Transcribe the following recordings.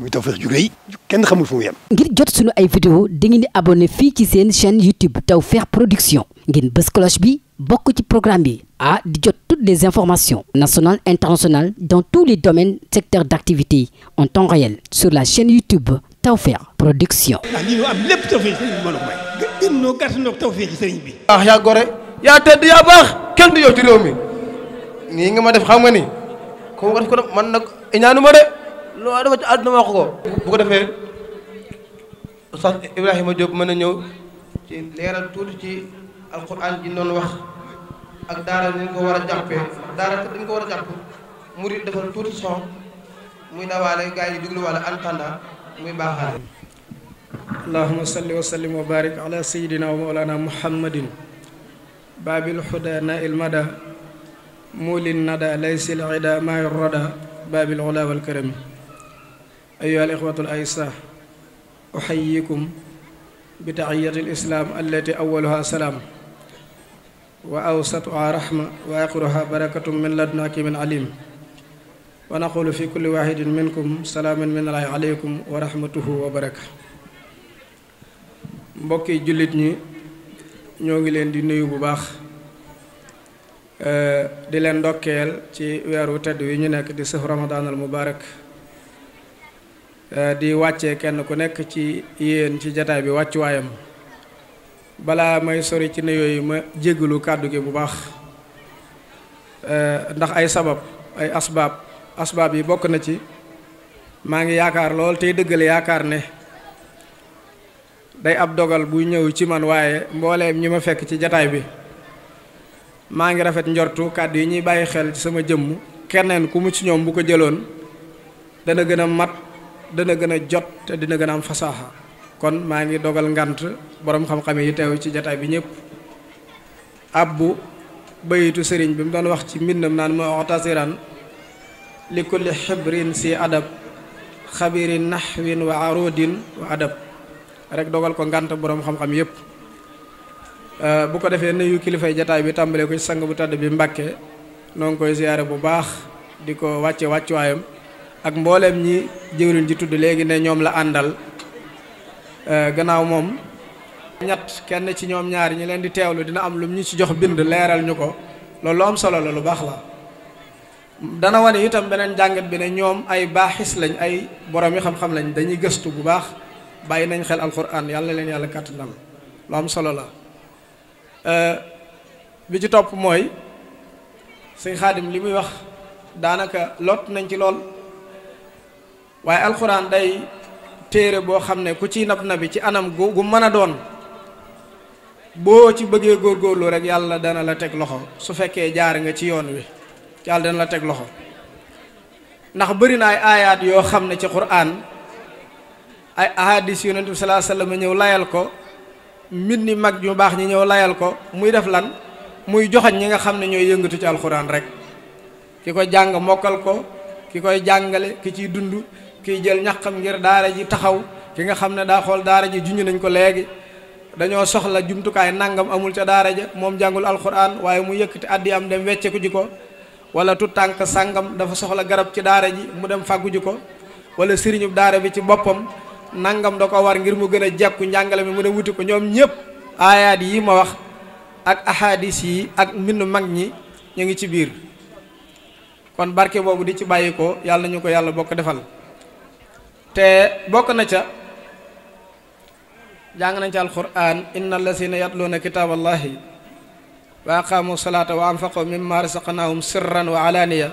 muy Tawfekh ju rëy kenn xamul fu mu yem. ngir jot sunu ay vidéo dangeen di abonné fii ci seen chaîne YouTube Tawfekh Production ngeen bës cloche bi bokk ci programme bi ah di jot toutes les informations nationales internationales dans tous les domaines secteurs d'activité en temps réel sur la chaîne YouTube Tawfekh Production. ah lii am lépp Tawfekh sëriñ bi mën a may. Ah, nii nga ma def xam nga ni ko ko def ko man nag ñaanu ma de. lu ma wax ko. bu ko defee sax Ibrahima Diop mën a ñëw ci leeral tuuti ci alxuraan ji noonu wax ak daara ni ñu ko war a jàppee daara dañ ko war a jàpp murid defal tuuti son muy dawaale gars yi dégluwaale antanda muy baaxaale. allahuma salli wa sallim wa barik ala sayidina wa mawlana muhammadin baabil xuda na il mada muulin nada laysil ida rada baabil ula wal karami أيها الإخوة الأيساء أحييكم بتحية الإسلام التي أولها سلام وأوسطها رحمة وآخرها بركة من لدن حكيم عليم ونقول في كل واحد منكم سلام من الله عليكم ورحمته وبركاته mbokki jullit ñi ñoo ngi leen di nuyu bu baax di leen ndokkeel ci weeru tedd wi ñu nekk di sëf ramadaanal mubaarak Eh, di wàcce kenn ku nekk ci yéen ci jataay bi wàccuwaayam balaa may sori ci ne yooyu ma jéggalu kàddu gi bu baax eh, ndax ay sabab ay asbaab asbaab yi bokk na ci maa ngi yaakaar lool tey dëggale yaakaar ne day ab dogal buy ñëw ci man waaye mbooleem ñi ma fekk ci jataay bi maa ngi rafet njortu kàddu yi ñuy bàyyi xel ci sama jëmm keneen ku mu ci ñoom bu ko jëloon dana gën a mat dana gën a jot te dina gën a am fasaaxa kon maa ngi dogal ngant boroom xam-xam yi teew ci jataay bi ñëpp abbu bayitu sëriñ bi mu doon wax ci mbindam naan mooy oxtasiran li kulli xibrin si adab xabiri naxwin wa arodin wa adab rek dogal ko ngant borom xam-xam yëpp euh, bu ko defee nuyu kilifay jataay bi tàmbale ko ci sang bu tàdd bi mbakke noo ngi koy ziyaare bu baax di ko wàcce wàccuwaayam ak mbooleem ñi jëwriñ ji tudd léegi ne ñoom la àndal euh, gannaaw moom ñett kenn ci ñoom ñaar ñi leen di teewlu dina am lu ñu si jox bind leeral ñu ko loolu am solo la lu baax la dana wane itam beneen jàngat bi ne ñoom ay baaxis lañ ay borom yi xam-xam lañ dañuy gëstu bu baax bàyyi nañ xel alquran yàlla leen yàlla kàttanal lu am solo la euh, bi ci topp mooy sëñ xaadim li muy wax daanaka lot nañ ci lool waaye alxuraan day téere boo xam ne ku ciy nab nabi ci anam gu mën a doon boo ci bëggee góor góorgóorlu rek yàlla dana la teg loxo su fekkee jaar nga ci yoon wi yàlla dana la teg loxo ndax bari na ay aayaat yoo xam ne ci quraan ay ahadis yonent bi salaa ñëw layal ko mbir ni mag ñu baax ñi ñëw layal ko muy def lan muy joxañ ñi nga xam ne ñooy yëngatu ci alxuraan rek ki ko jàng mokkal ko ki koy jàngale ki ciy dund kii jël ñaqam ngir daara ji taxaw ki nga xam ne daa xool daara ji junj nañ ko léegi dañoo soxla jumtukaay nangam amul ca daara ja moom jàngul alxuraan waaye mu yëkk yëkkati addi am dem wecceku ko wala tu tànk sàngam dafa soxla garab ci daara ji mu dem fàggu ji ko wala sëriñub daara bi ci boppam nangam da ko war ngir mu gën a jekku njàngale mi mu dem wuti ko ñoom ñëpp aayaat yi ma wax ak ahadis yi ak mbind mag ñi ñu ngi ci biir kon barke boobu di ci bàyyi yàlla nañu ko yàlla bokk defal te bokk na ca jàng nañ ca alquran inna allazina yatluuna kitaaballahi wa aqaamu salaata wa anfaqu mimma razaqnaahum sirran wa alaaniya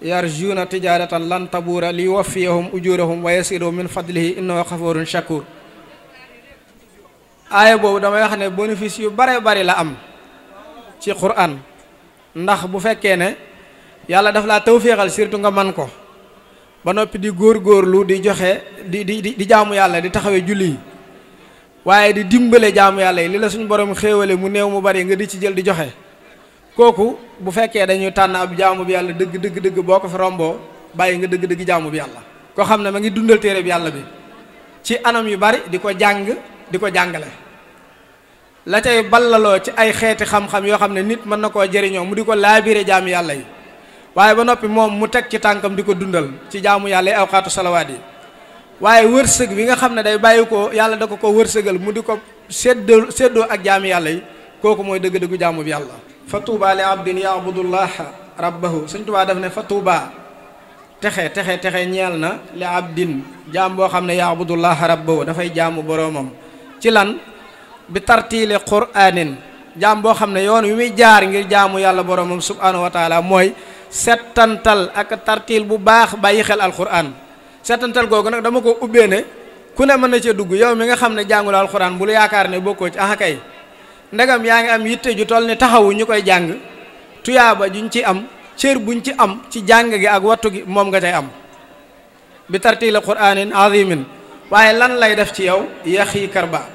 yarjuuna tijaaratan lan tabuura li yuwaffiyahum ujurahum wa yasiru min fadlihi innahu xafuurun shakur aaya boobu damay wax ne bénéfice yu bare bari la am ci quran ndax bu fekkee ne yàlla daf laa tawféexal surtout nga man ko ba noppi di góor góorgóorlu di joxe di di di jaamu yàlla di taxawe julli yi waaye di dimbale jaamu yàlla yi li la suñu borom xéewalee mu néew mu bari nga di ci jël di joxe kooku bu fekkee dañuy tànn ab jaamu bi yàlla dëgg dëgg dëgg boo ko fi romboo bàyyi nga dëgg dëgg jaamu bi yàlla. koo xam ne ma ngi dundal téere bi yàlla bi ci anam yu bari di ko jàng di ko jàngale la cay ballaloo ci ay xeeti xam-xam yoo xam ne nit mën na koo jëriñoo mu di ko laabire jaamu yàlla yi. waaye ba noppi moom mu teg ci tànkam di ko dundal ci jaamu yàlla yi awqaatu salawaat yi waaye wërsëg bi nga xam ne day bàyyi ko yàlla da ko ko wërsëgal mu di ko séddoo séddoo ak jaami yàlla yi kooku mooy dëgg-dëggu jaamu bi yàlla fa tuubaa li abdin yaabudullaha rabbahu suñ tubaa daf ne fa tuubaa texe texe texe ñeel na li abdin jaam boo xam ne yaabudullaha rabbahu dafay jaamu boroomam ci lan bi tartiili quraanin jaam boo xam ne yoon wi muy jaar ngir jaamu yàlla boroomam subhaanahu mooy settantal ak tartiil bu baax bàyyi xel alxuraan settantal googu nag dama ko ubbee ne ku ne mën na cee dugg yow mi nga xam ne jàngul alxuraan bul yaakaar ne bokkoo ci ah kay ndegam yaa ngi am yitte ju toll ne taxawu ñu koy jàng tuyaaba juñ ci am cër buñ ci am ci jàng gi ak wattu gi moom nga tey am bi tartiil quraanin azimin waaye lan lay def ci yow yaxi karba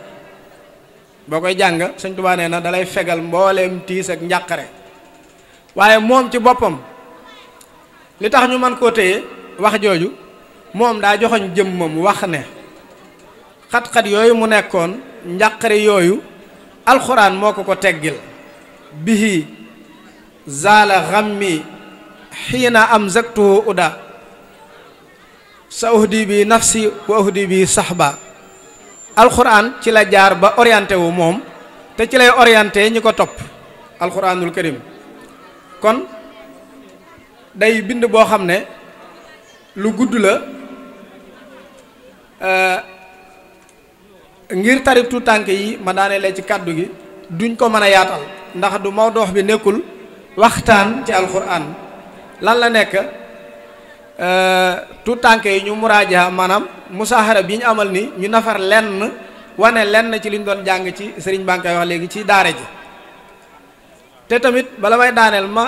boo koy jàng Sëñ Tuubaa na dalay fegal mbooleem tiis ak njàqare waaye moom ci boppam li tax ñu man koo téye wax jooju moom daa joxoñ jëm moom wax ne xat-xat yooyu mu nekkoon njàqare yooyu alxuraan moo ko ko teggil bihi zaala xammi xiina am zaktuhu uda sa uhdi bi nafsi wa uhdi bi saxba alxuraan ci la jaar ba orienté wu moom te ci lay orienté ñi ko topp alxuraanul karim kon day bind boo xam ne lu gudd la euh, ngir tarib tu tànk yi ma daane ci kàddu gi duñ ko mën a yaatal ndax du mawdoox bi nekkul waxtaan ci alxuraan lan la nekk euh, tu tànk yi ñu muraaja maanaam musaahara bi ñu amal ni ñu nafar lenn wane lenn ci liñ doon jàng ci sëriñ Banka wax léegi ci daara ji te tamit bala may daaneel ma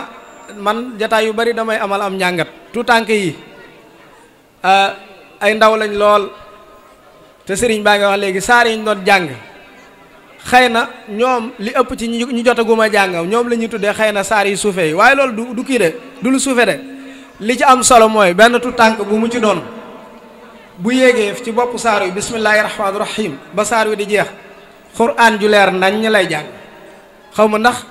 man jataay yu bari damay amal am njàngat tu tànk yi eh, ay ndaw lañ lool te sëriñ baa ngi wax léegi saar yi ñu doon jàng xëy na ñoom li ëpp ci ñu jotaguma jàng ñoom la ñuy tuddee xëy na saar yi suufe yi waaye loolu du du kii de du lu suufe de li ci am solo mooy benn tu tànk bu mu ci doon bu yéegee ci bopp saar wi bismillaahi rahmaani rahim ba saar wi di jeex xuraan ju leer nañ lay jàng xaw ma ndax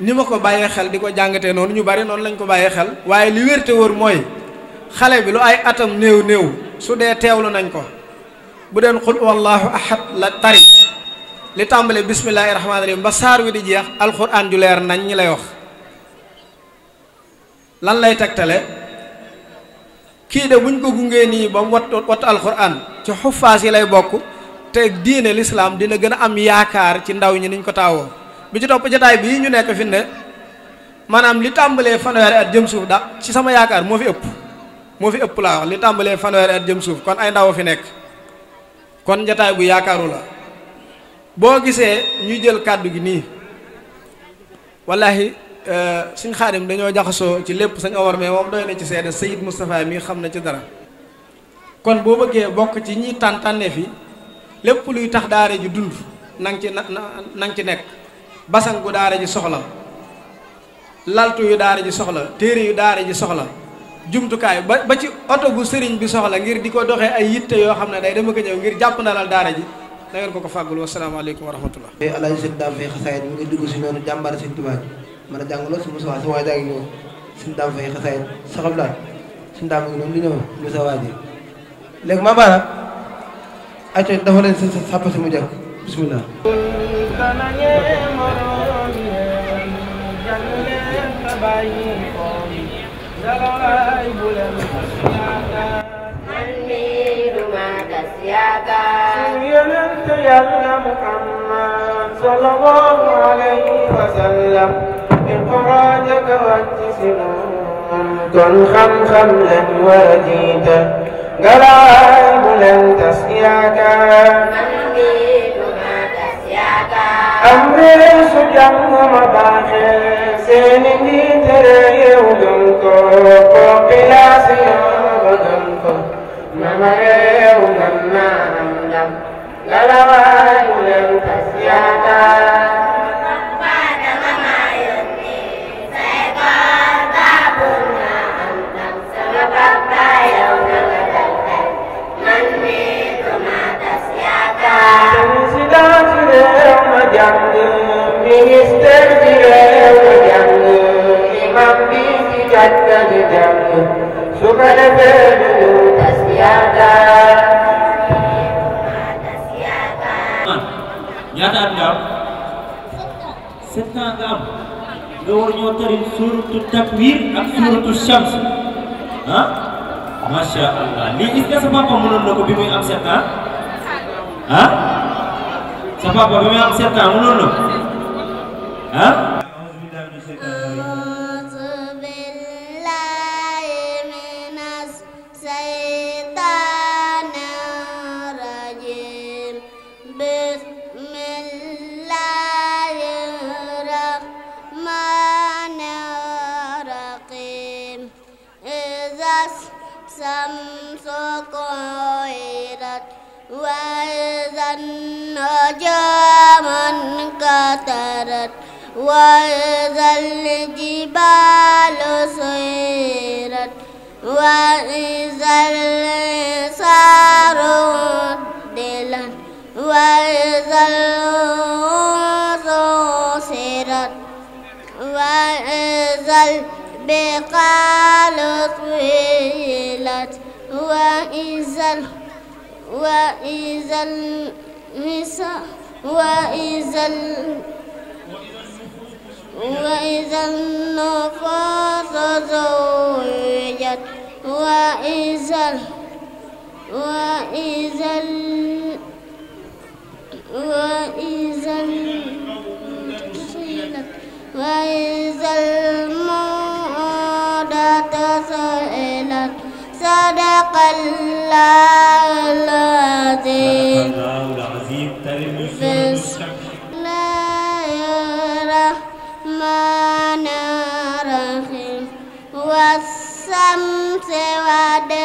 ni ma ko bàyyee xel di ko jàngatee noonu ñu bari noonu lañ ko bàyyee xel waaye li wér te wóor mooy xale bi lu ay atam néew néew su dee teewlu nañ ko bu deen xul wallahu ahad la tari li tàmbale bismillaahi rahmaani rahim ba saar wi di jeex alxuraan ju leer nañ ñi lay wax lan lay tegtale kii de buñ ko gungee nii ba mu wat wat alxuraan ci xuffaas yi lay bokk te diine lislaam dina gën a am yaakaar ci ndaw ñi niñ ko taawoo bi ci topp jataay bii ñu nekk fi ne maanaam li tàmbalee fanweeri at jëm suuf da ci sama yaakaar moo fi ëpp moo fi ëpp laa wax li tàmbalee fanweeri at jëm suuf kon ay ndaw a fi nekk kon jataay bu yaakaaru la boo gisee ñuy jël kàddu gi nii wallahi euh, suñ xaadim dañoo jaxasoo ci lépp sañ awar mais moom doy na ci seede Sayid Moustapha mii xam na ci dara kon boo bëggee bokk ci ñi tàntànne fi lépp luy tax daara ji dund nang ci na nang ci nekk basan gu daara ji soxla laltu yu daara ji soxla téere yu daara ji soxla jumtukaay ba ba ci oto bu sëriñ bi soxla ngir di ko doxee ay yitte yoo xam ne day dama ko ñëw ngir jàpp na lal daara ji da ko ko fàggul wasalaamaaleykum wa rahmatullah alaji sëñ daam fay xasaayit mi ngi dugg si noonu jàmbaar sëñ Tuubaa mën a jàng lool si Moussa si waa jàngi ñëw sëñ daam fay xasaayit saxam laat sëñ daam ngi li ñëw Moussa waa léegi maa baana acco dafa leen sa sàpp si mu jëkk bisimilah. صلى الله عليه وسلم إخراجك واتسما كن خمخم لن ورجيتا قلائب لن تسقياك am réew su jàmm ma baaxee seen i njiit réew gëm ko population ba gëm ko nama réew mën naa am ndam galawaay mu leen tas yaakaar President sept ans nga am nga war ñoo tari suuratu takwir ak suuratu shams ah macha allah lii gis nga sa papa mënoon na ko bi muy am sept ans ah sa papa bi muy am sept ans mënoon na ko ah da da والجبال سيرا وإذا الإنسان عدلا وإذا الأرض سيرت وإذا البقال طويلت وإذا وإذا النساء وإذا وإذا النفاس زوجت وإذا وإذا وإذا وإذا المودة سئلت صدق الله العظيم se wa de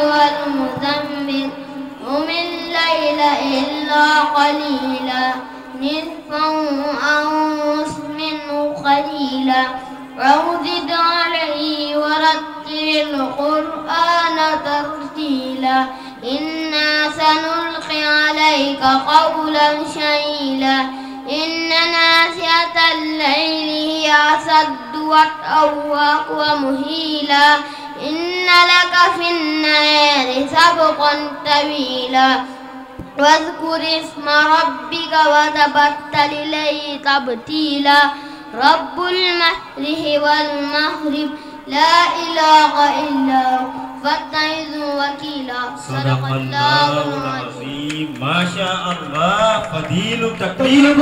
والمزمل قم الليل إلا قليلا نصفه أو نصف منه قليلا أو زد عليه ورتل القرآن ترتيلا إنا سنلقي عليك قولا شيلا إن ناسية الليل هي أسد وأوهق ومهيلا إن لك في النهار سبقا طويلا واذكر اسم ربك وتبتل إليه تبتيلا رب المشرق والمغرب لا إله إلا هو فاتخذه وكيلا صدق الله العظيم ما شاء الله فضيل تقدير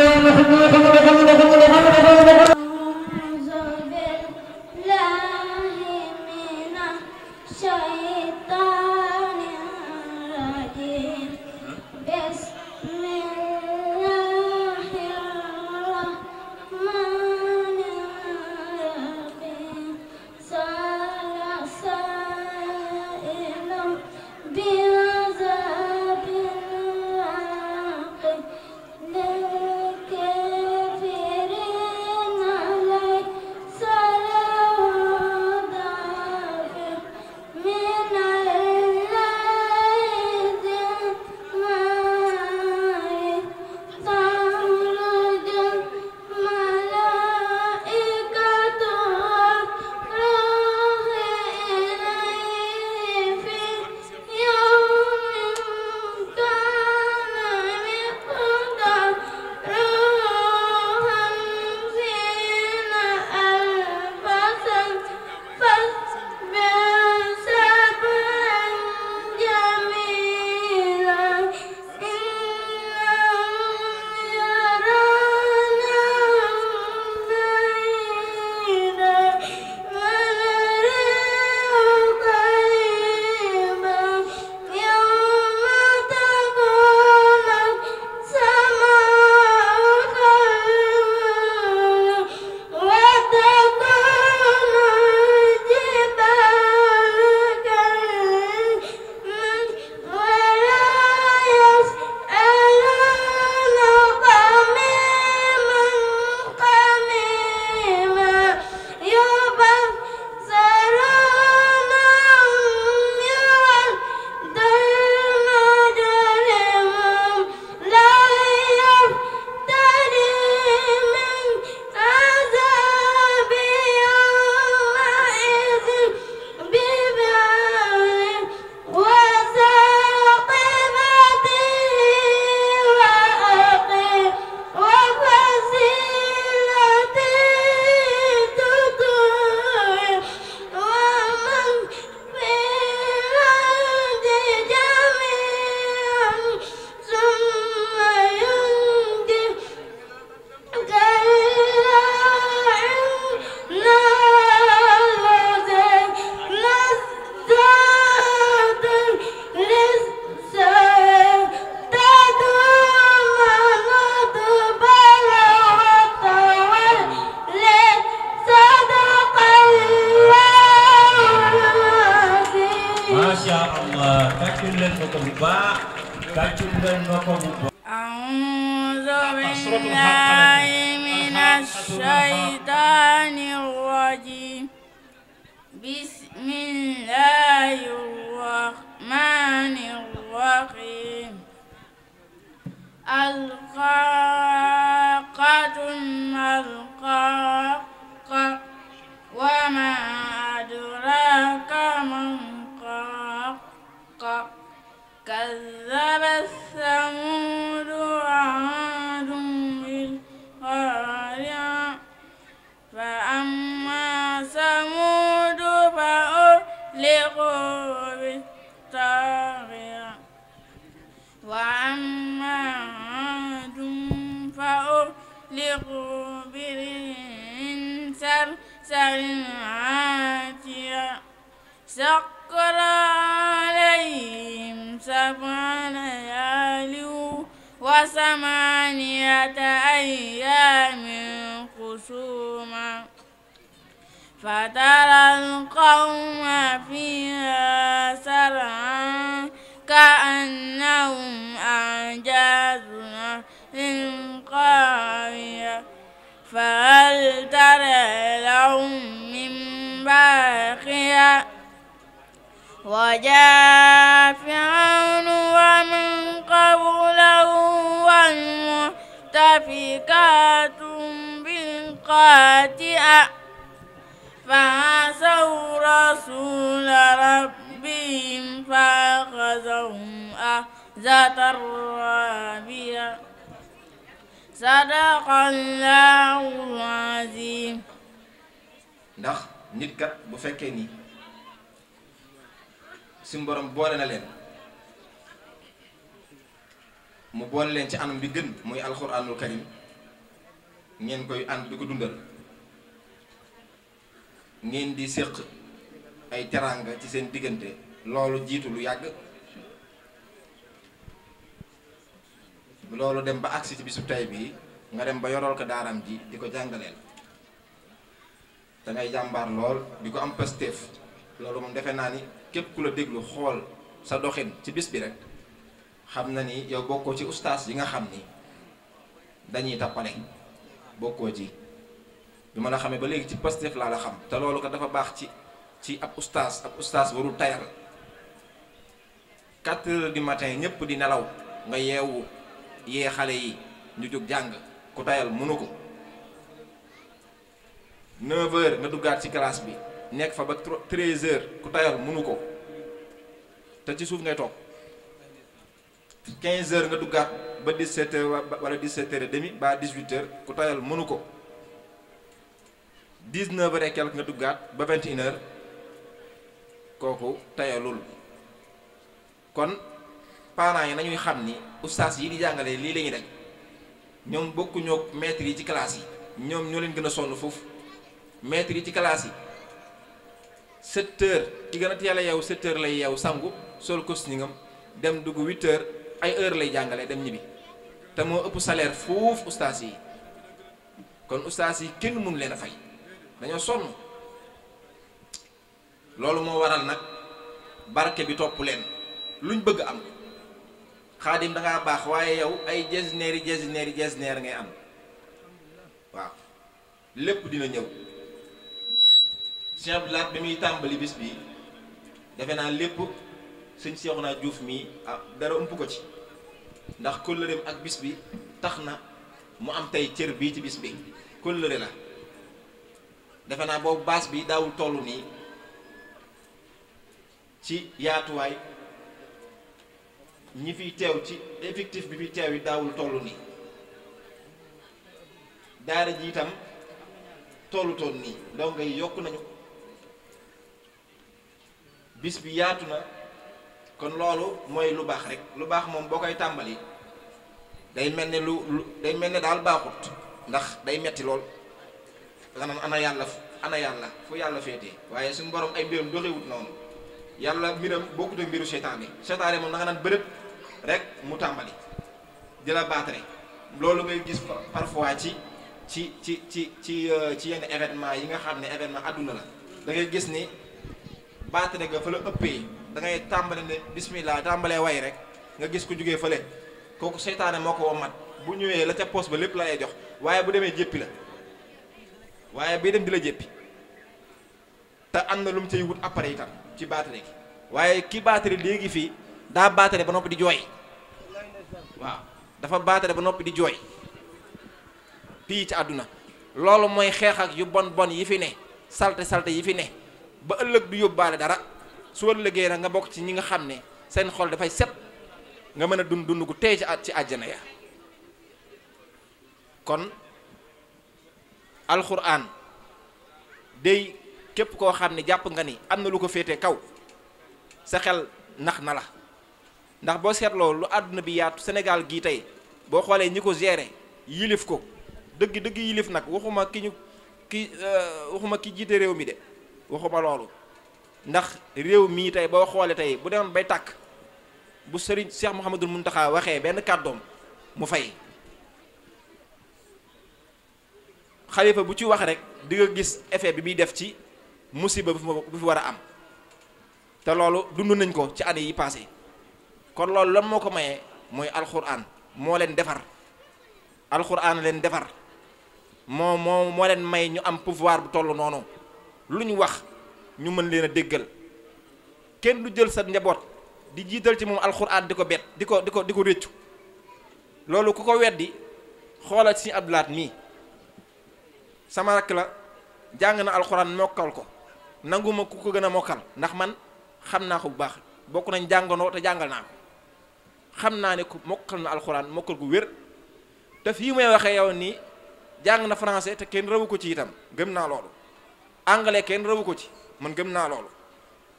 boole na leen mu boole leen ci anam bi gën muy alxuraanul karim ngeen koy ànd di ko dundal ngeen di séq ay teraanga ci seen diggante loolu jiitu lu yàgg loolu dem ba agsi ci bisu tay bii nga dem ba yoral ko daaram ji di ko jàngaleel dangay ngay jàmbaar lool di ko am pastéef loolu moom defe naa ni képp ku la déglu xool sa doxin ci bis bi rek xam na ni yow bokkoo ci ustaas yi nga xam ni dañuy tappale bokkoo ci bi ma la xamee ba léegi ci Pastef laa la xam te loolu ko dafa baax ci ci ab ustaas ab ustaas warul tayal quatre heures du matin ñëpp di nelaw nga yeewu yee xale yi ñu jóg jàng ku tayal mënu ko neuf nga duggaat ci classe bi nekk fa ba treize heures ku tayal mënu ko te ci suuf ngay toog quinze heures nga duggaat ba dix sept heures wala dix sept heures et demi ba dix huit ku tayal mënu ko dix neuf heures et quelque nga duggaat ba vingt et kooku tayalul kon parents yi nañuy xam ni ustaas yi di jàngale lii la ñuy ñoom bokkuñoo maîtres yi ci classe yi ñoom ñoo leen gën a sonn foofu maîtres yi ci classe yi sept heures ki gën a teel a yeewu lay yeewu sangu sol kosningam dem dugg huit heures ay heure lay jàngale dem ñibbi te moo ëpp salaire foofu ustaas yi kon ustaas yi kenn mënu leen a fay dañoo sonn loolu moo waral nag barke bi topp leen lu luñ bëgg am xaadim da baax waaye yow ay jesineeri jesineeri jesineer ngay am waaw lépp dina ñëw Sëñ Abdou bi muy tàmbali bis bi defe naa lépp sëñ naa Juuf mii ah dara ëmp ko ci ndax kóllëreem ak bis bi tax na mu am tey cër bii ci bis bi kóllëre la defe naa boobu baas bi daawul tollu nii ci yaatuwaay ñi fi teew ci effectif bi fi teew yi daawul toll nii daara ji itam tollutoon nii donc ngay yokk nañu bis bi yaatu na kon loolu mooy lu baax rek lu baax moom boo koy tàmbali day mel ni lu lu day mel ni daal baaxut ndax day metti lool da nga naan ana yàlla ana yàlla fu yàlla féetee waaye suñu borom ay mbiram doxewut noonu yàlla mbiram bokkut ak mbiru seytaane seytaane moom da nga naan bërëb rek mu tàmbali di baatare loolu ngay gis parfois ci ci ci ci ci euh, ci yenn événement yi nga xam ne événement àdduna la da gis ni baatare ga fa la ëppee da ngay tàmbale ne bismillah tàmbalee way rek nga gis ko jugee fële kooku seytaane moo ko wommat bu ñëwee la ca poos ba lépp la lay jox waaye bu demee jéppi la waaye bii dem di jéppi te am na lu mu cay wut appareil itam ci baatare gi waaye ki baatare léegi fii daa baatare ba noppi di jooy waaw dafa baatare ba noppi di jooy pii ci àdduna loolu mooy xeex ak yu bon bon yi fi ne salte salte yi fi ne ba ëllëg du yóbbaale dara su liggéey nag nga bokk ci ñi nga xam ne seen xol dafay set nga mën a dund dund gu tey ci at ci àjjana ya kon alxuraan day képp koo xam ne jàpp nga ni am na lu ko féete kaw sa xel nax na la ndax boo seetloo lu àdduna bi yaatu Sénégal gii tey boo xoolee ñi ko géré yilif ko dëgg dëgg yilif nag waxuma ki ñu ki euh, waxuma ki jiite réew mi de waxuma loolu ndax réew mii tey boo xoolee tey bu demoon bay tàkk bu sëriñ Cheikh mun Mountakha waxee benn kàddoom mu fay xalifa bu ci wax rek di nga gis effet bi muy def ci musiba bu fi war a am te loolu dund nañ ko ci année yi passé kon loolu lan moo ko mayee mooy alxuraan moo leen defar alxuraan leen defar moo moo moo leen may ñu am pouvoir bu toll noonu lu ñu wax ñu mën leen a déggal kenn du jël sa njaboot di jiital ci moom alxuraan di ko bet di ko di ko di ko réccu loolu ku ko weddi xoolal ci abdulaat mii sama rakk la jàng na alxuraan mokkal ko nanguma ku ko gën a mokkal ndax man xam naa ko bu baax bokk nañ jànganoo te jàngal naa ko xam naa ne ku mokkal na alxuraan mokkal gu wér te fii may waxee yow nii jàng na français te kenn rawu ko ci itam gëm naa loolu anglais kenn rawu ko ci man gëm naa loolu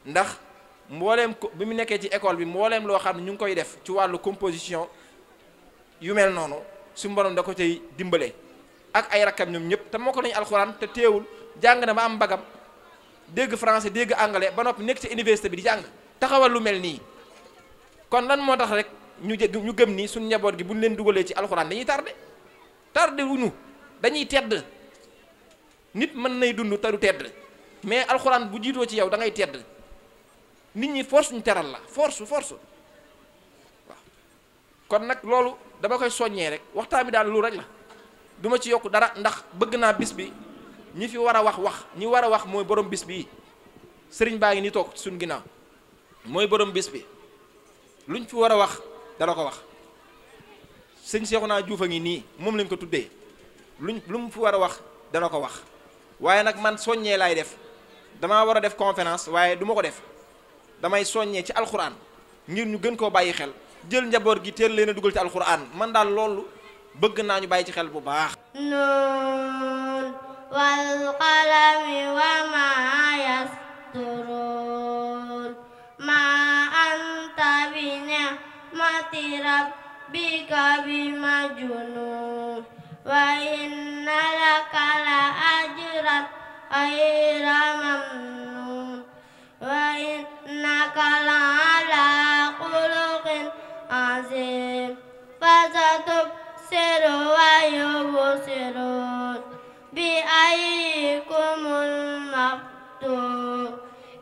ndax mbooleem ko bi mu nekkee ci école bi mbooleem loo xam ne ñu ngi koy def ci wàllu composition yu mel noonu su mboroom da ko cay dimbale ak ay rakkam ñoom ñëpp te moo ko nañu alxuraan te teewul jàng na ba am bagam dégg français dégg anglais ba noppi nekk ci université bi di jàng taxawal lu mel nii kon lan moo tax rek ñu ñu gëm nii suñu njaboot gi buñ leen dugalee ci alxuraan dañuy tardé tardé wuñu dañuy tedd nit mën nay dund te du tedd mais alxuraan bu jiitoo ci yow da ngay tedd nit ñi force ñu teral la force force waaw kon nag loolu dama koy soññee rek waxtaan bi daal lu rek la duma ci yokk dara ndax bëgg naa bis bi ñi fi war a wax wax ñi war a wax mooy borom bis bi sëriñ baa ngi ni toog suñ ginnaaw mooy borom bis bi luñ fi war a wax dana ko wax sëñ naa Juuf a ngi nii moom lañ ko tuddee luñ lu mu fi war a wax dana ko wax waaye nag man soññee laay def dama war a def conférence waaye duma ko def damay soññee ci alxuraan ngir ñu gën koo bàyyi xel jël njaboot gi teel leen a dugal ci alxuraan man daal loolu bëgg naa ñu bàyyi ci xel bu baax. nuun wal qalami wa maa yasturuun maa anta bi ni'mati rabbika bi majnuun وإن لك لأجرا غير ممنون وإنك لعلى خلق عظيم فستبصر ويبصرون بأيكم المقتول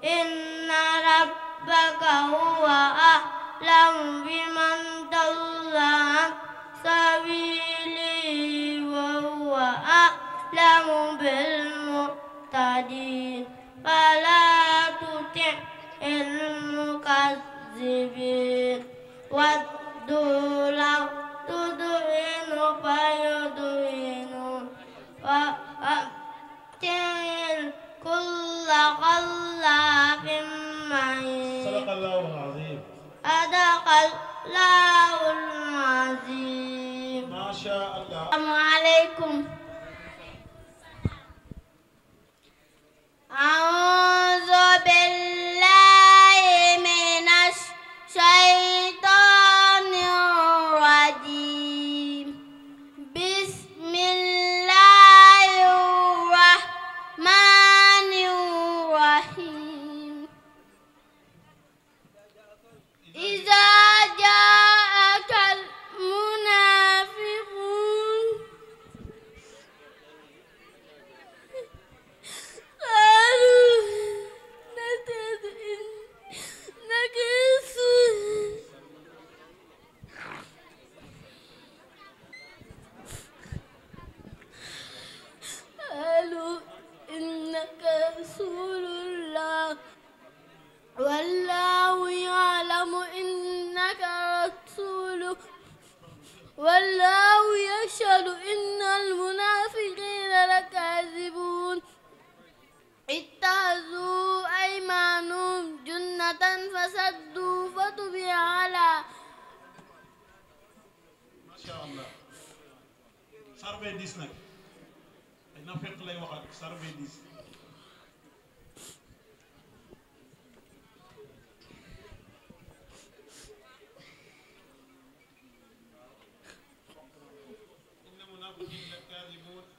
إن ربك هو أعلم بمن sarbe diis nag ay na fekk lay waxal sarbe diis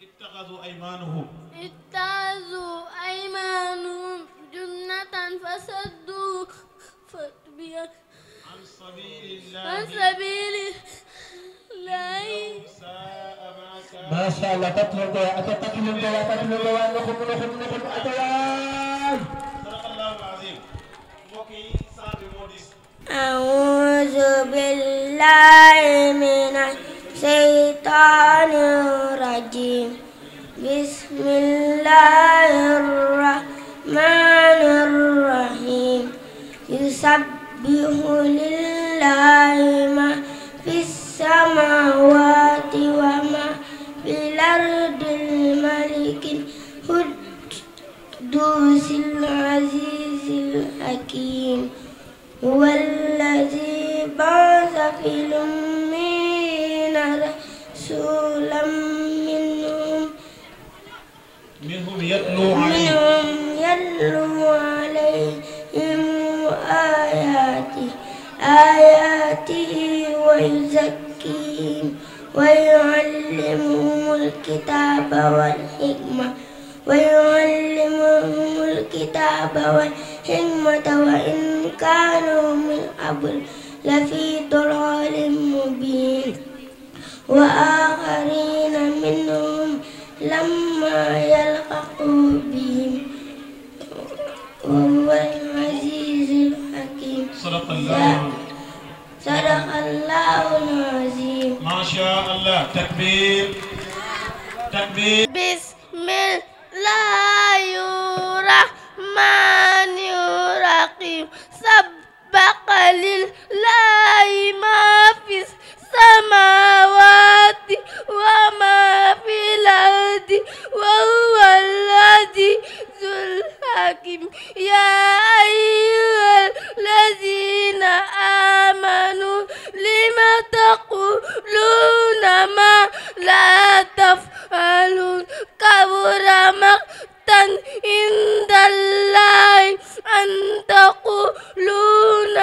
اتخذوا أيمانهم اتخذوا أيمانهم جنة فصدوا عن سبيل الله عن سبيل الله macha allah tàcc leen ko waay ata tàcc leen ko waay tàcc leen ko waay loxo mu loxo mu loxo mu ata waay. أعوذ بالله من الشيطان الرجيم بسم الله الرحمن الرحيم يسبح لله ما في السماوات السماوات وما في الأرض الملك القدوس العزيز الحكيم هو الذي بعث في الأمين رسولا منهم منهم يتلو عليهم آياته ويزكيهم ويعلمهم الكتاب والحكمة ويعلمهم الكتاب والحكمة وإن كانوا من قبل لفي ضلال مبين وآخرين منهم لما يلحقوا بهم وهو العزيز صدق الله صدق الله العظيم ما شاء الله تكبير تكبير بسم الله الرحمن الرحيم سبق لله ما في السماوات وما في الأرض وهو العزيز الحكيم يا أيها الذين آمنوا لم تقولون ما لا تفعلون كبر مقتا عند الله أن تقولون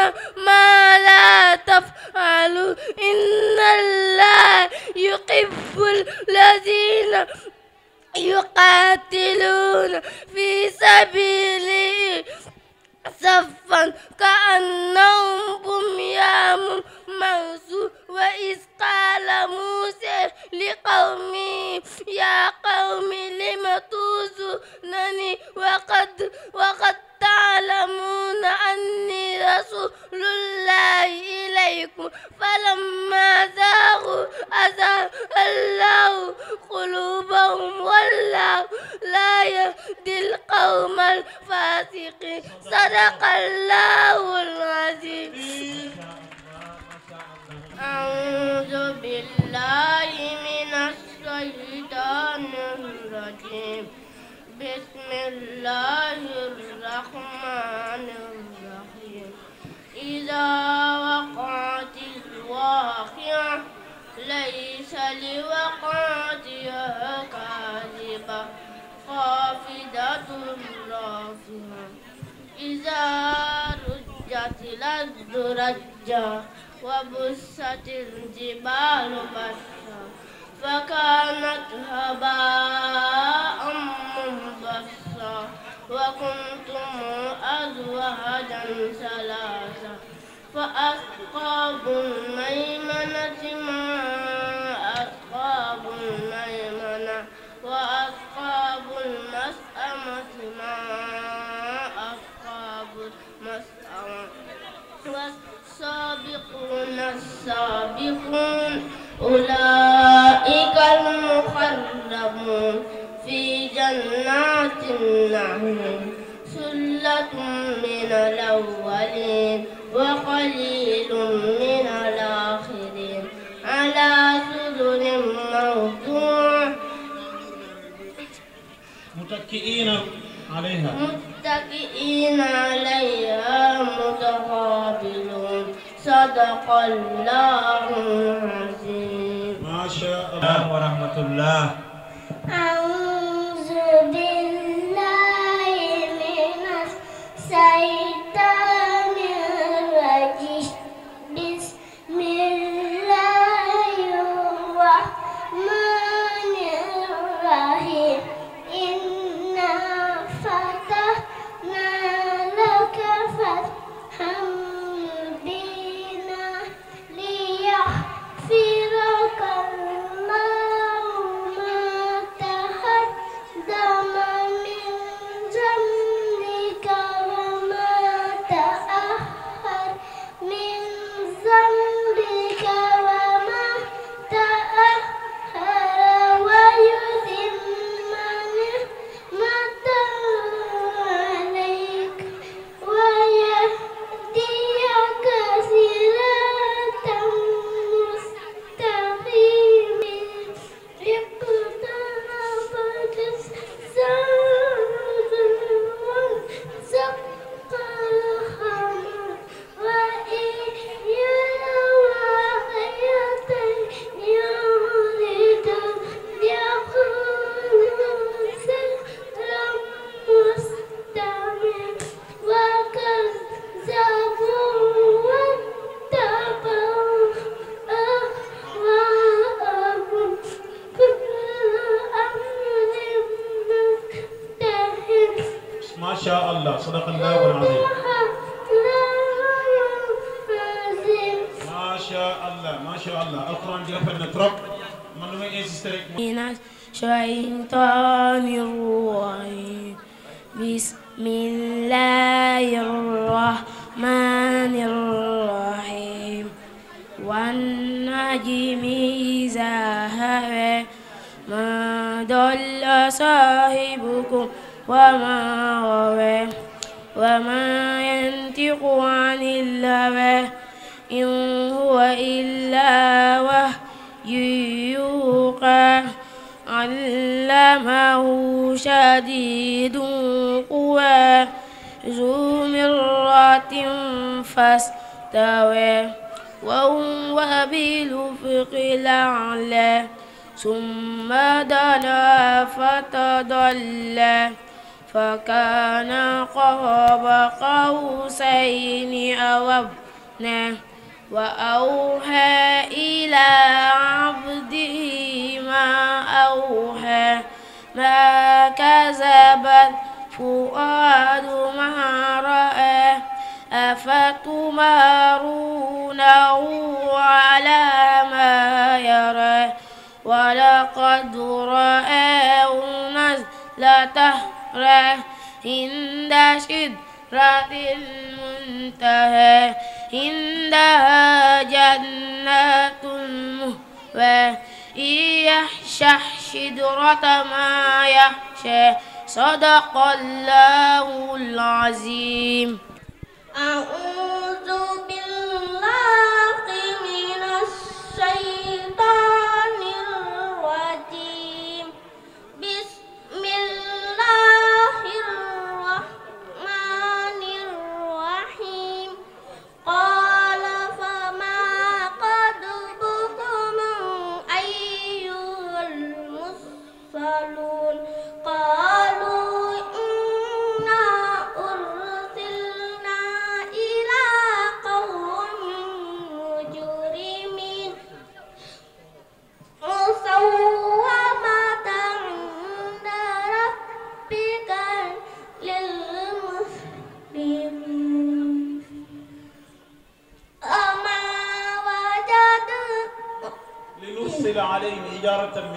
ما لا تفعلون إن الله يحب الذين يقاتلون في سبيله صفا كأنهم بنيان مرصوص وإذ قال موسى لقومه يا قوم لم تؤذونني وقد وقد تعلمون أني رسول الله عليكم فلما زاغوا أزاغ الله قلوبهم والله لا يهدي القوم الفاسقين صدق الله العظيم أعوذ بالله من الشيطان الرجيم بسم الله الرحمن الرحيم إذا وقعت الواقعة ليس لوقعتها كاذبة خافضة رافعة إذا رجت الأرض رجا وبست الجبال بسا فكانت هباء منبسا وكنتم أزواجا ثلاثة فأصحاب الميمنة ما أصحاب الميمنة وأصحاب المسأمة ما أصحاب المسأمة والسابقون السابقون أولئك المقربون في جنات النعيم ثلة من الأولين وقليل من الآخرين على سدر موضوع متكئين عليها متكئين عليها متقابلون صدق الله العظيم ما شاء الله ورحمة الله allah sadaqallahu al-azim macha allah macha allah alquran ji rafet na trop man lu may insister rek بسم الله الرحمن الرحيم والنجم إذا هوى ما ضل صاحبكم وما رواه وما ينطق عن الهوى إن هو إلا وحي يوحى علمه شديد القوى ذو مرة فاستوى وهو بالأفق الأعلى ثم دنا فتضلى فكان قاب قوسين أو أدنى وأوحى إلى عبده ما أوحى ما كذبت فؤاد ما رأى أفتمارونه على ما يرى ولقد رآه نزلته الصحراء عند سدرة المنتهى عندها جنات المهوى إن يحشح شجرة ما يحشى صدق الله العظيم أعوذ tijaaratan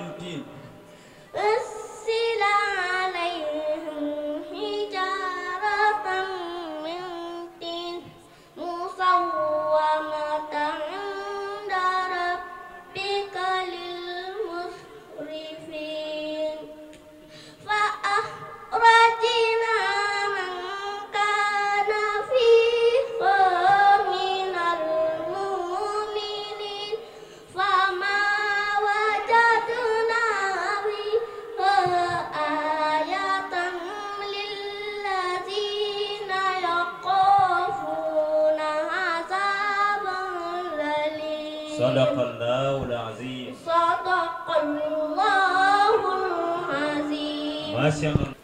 صدق الله العظيم صدق الله العظيم ما شاء الله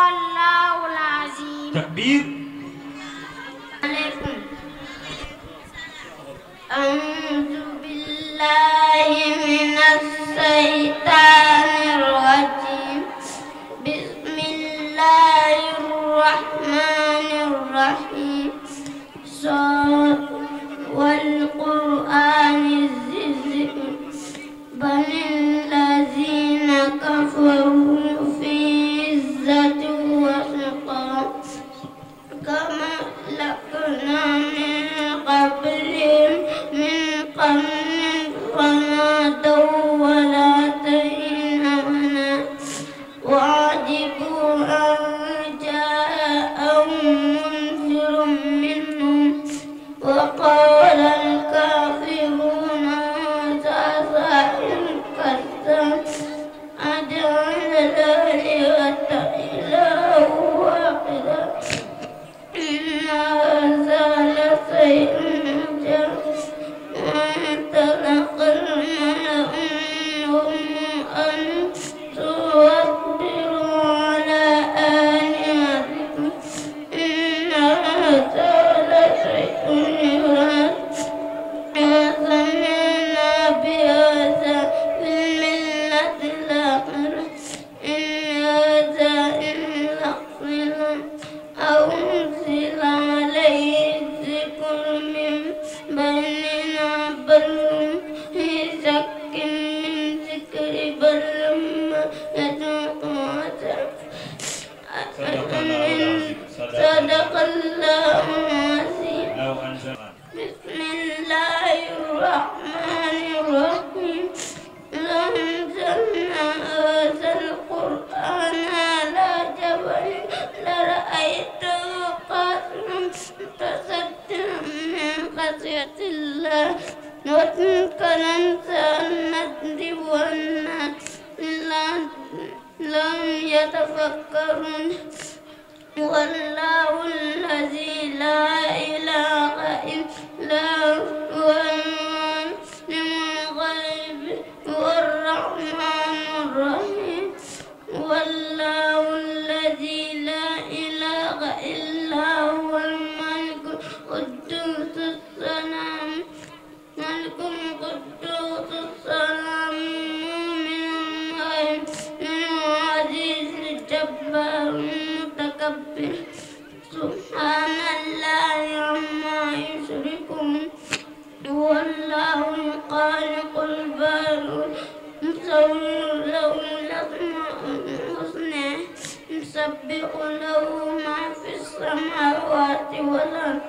sadaqallaahu l-aziim. takbiir. maaleykum. auzu billaahi mina shaytaani rajiim. bismillaahi rahmaani rahiim. صدق الله العظيم بسم الله الرحمن الرحيم لو انزلنا هذا القرآن على جبل لرأيته قائما تصدع من خشية الله وتلك تذكرون والله الذي لا إله إلا هو الخالق البارئ مصور له الأسماء الحسنى يسبح له ما في السماوات والأرض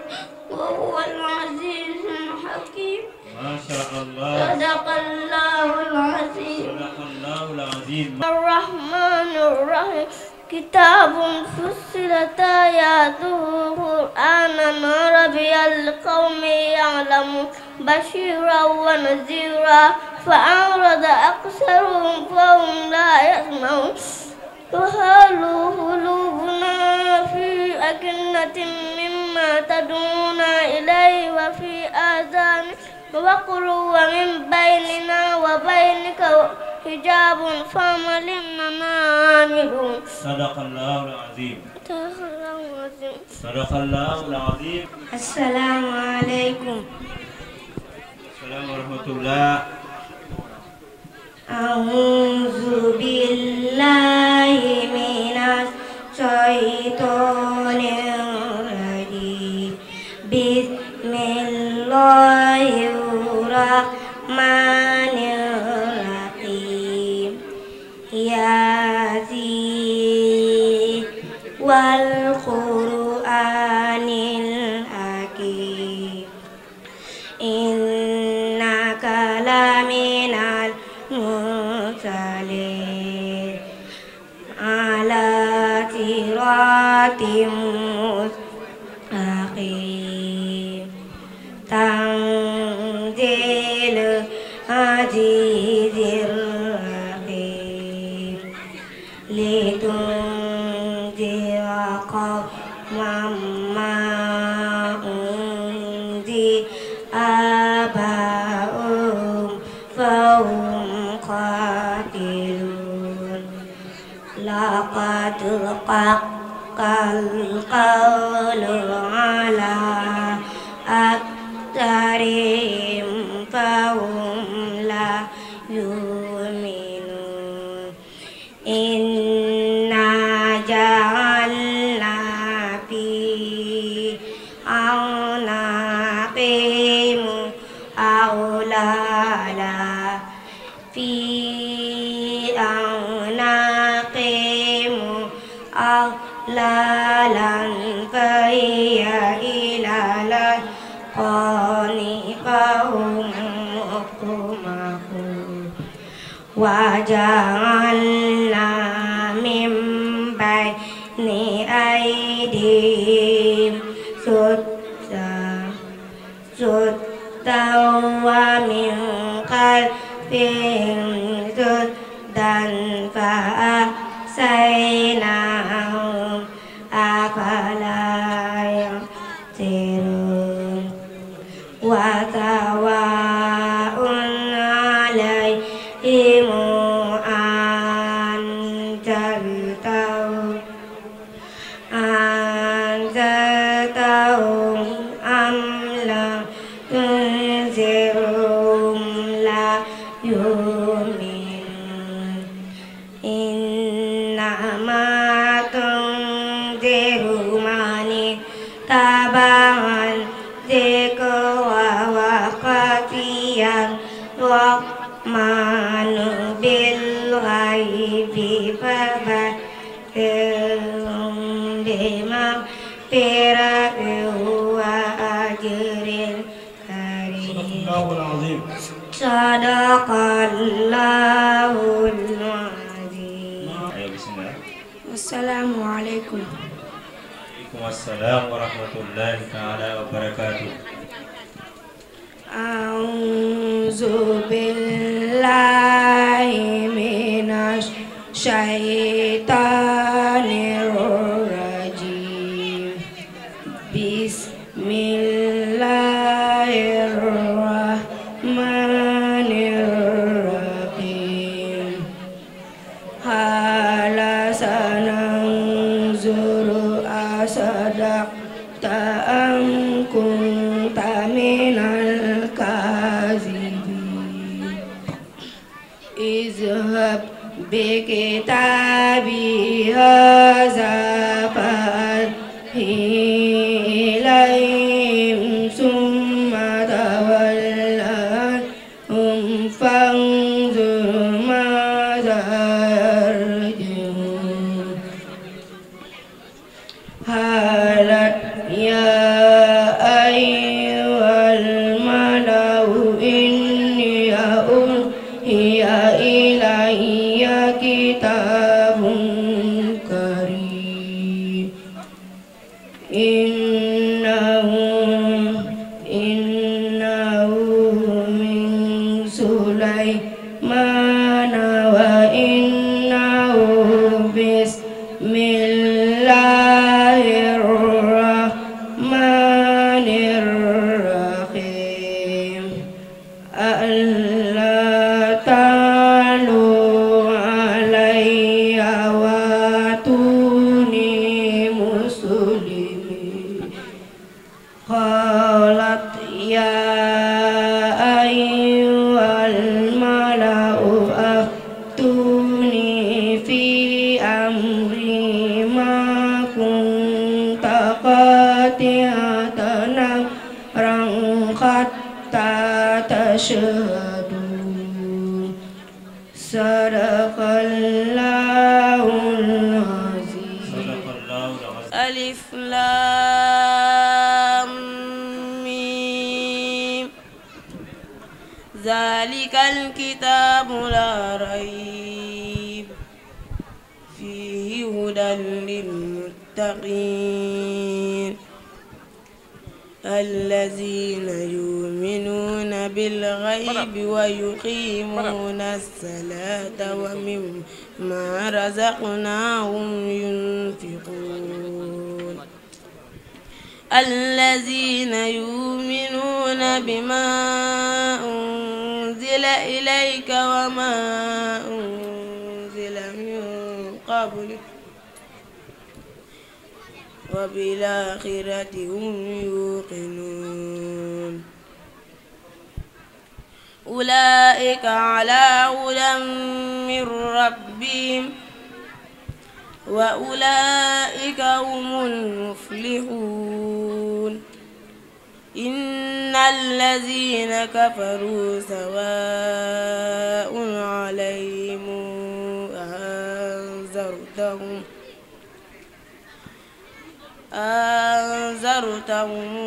وهو العزيز الحكيم ما شاء الله صدق الله العظيم صدق الله العظيم الرحمن الرحيم كتاب فصلت آياته قرآنا عربيا لقوم يعلم بشيرا ونذيرا فأعرض أكثرهم فهم لا يسمعون وقالوا قلوبنا في أكنة مما تدعونا إليه وفي آذان وقر ومن بيننا وبينك حجاب فما لنا نعمل صدق الله العظيم صدق الله العظيم صدق الله العظيم السلام عليكم السلام ورحمة الله أعوذ بالله من الشيطان الرجيم بسم الله الرحمن الرحيم ياسين والقرآن الحكيم إنك لمن المرسلين على صراط فقد حق القول على أكثرهم وجعلنا من بين أيديهم سدا ومن خلفهم الغيب فبشرهم بمغفرة وأجر كريم صدق الله العظيم السلام عليكم وعليكم السلام ورحمة الله تعالى وبركاته أعوذ بالله من الشيطان وبال آخرة هم يوقنون أولئك على هدى من ربهم وأولئك هم المفلحون إن الذين كفروا سواء عليهم أأنذرتهم أنذرتهم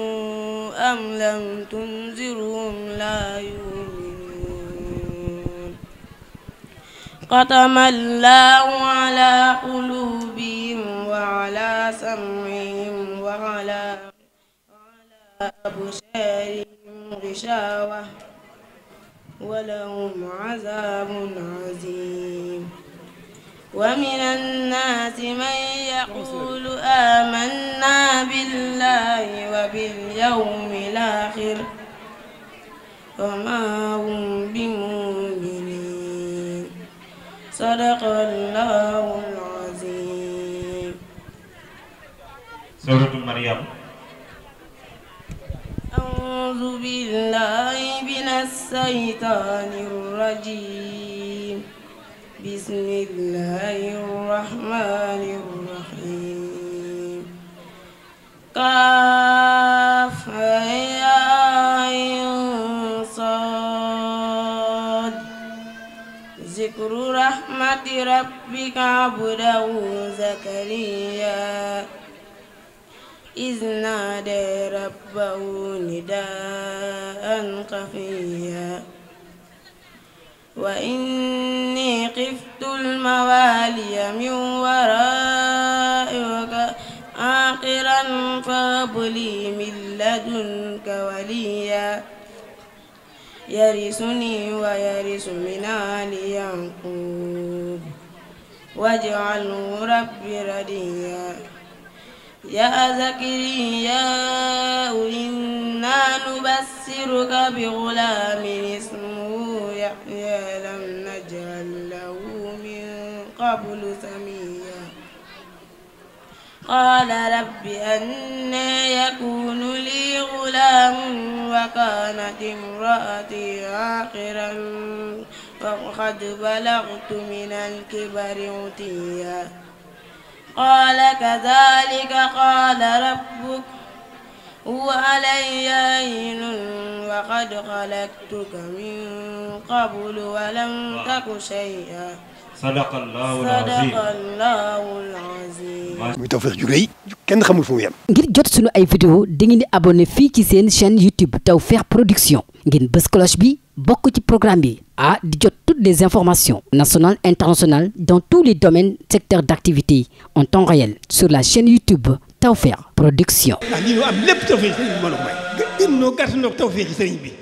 أم لم تنذرهم لا يؤمنون ختم الله على قلوبهم وعلى سمعهم وعلى أبصارهم غشاوة ولهم عذاب عظيم ومن الناس من يقول آمنا بالله وباليوم الآخر وما هم بمؤمنين صدق الله العظيم سورة مريم أعوذ بالله من الشيطان الرجيم بسم الله الرحمن الرحيم كاف يا عين صاد ذكر رحمة ربك عبده زكريا إذ نادى ربه نداء خفيا وإني خفت الموالي من ورائي وآخرا فهب لي من لدنك وليا يرثني ويرث من آل يعقوب واجعله ربي رديا يا زكريا إنا نبشرك بغلام اسمه يحيى لم نجعل له من قبل سميا قال رب أنا يكون لي غلام وكانت امرأتي عاقرا وقد بلغت من الكبر عتيا قال كذلك قال ربك وعلي عين وقد خلقتك من قبل ولم تك jot sunu ay vidéo dangeen di abonné fii ci seen chaîne YouTube Tawfekh Production ngeen bës cloche bi bokk ci programme bi ah di jot toutes des informations nationales internationales dans tous les domaines secteurs d'activité en temps réel sur la chaîne YouTube Tawfekh Production. ah lii am lépp tawfeex sëriñ bi mën a may. gën noo gàtt noo tawfeex sëriñ bi.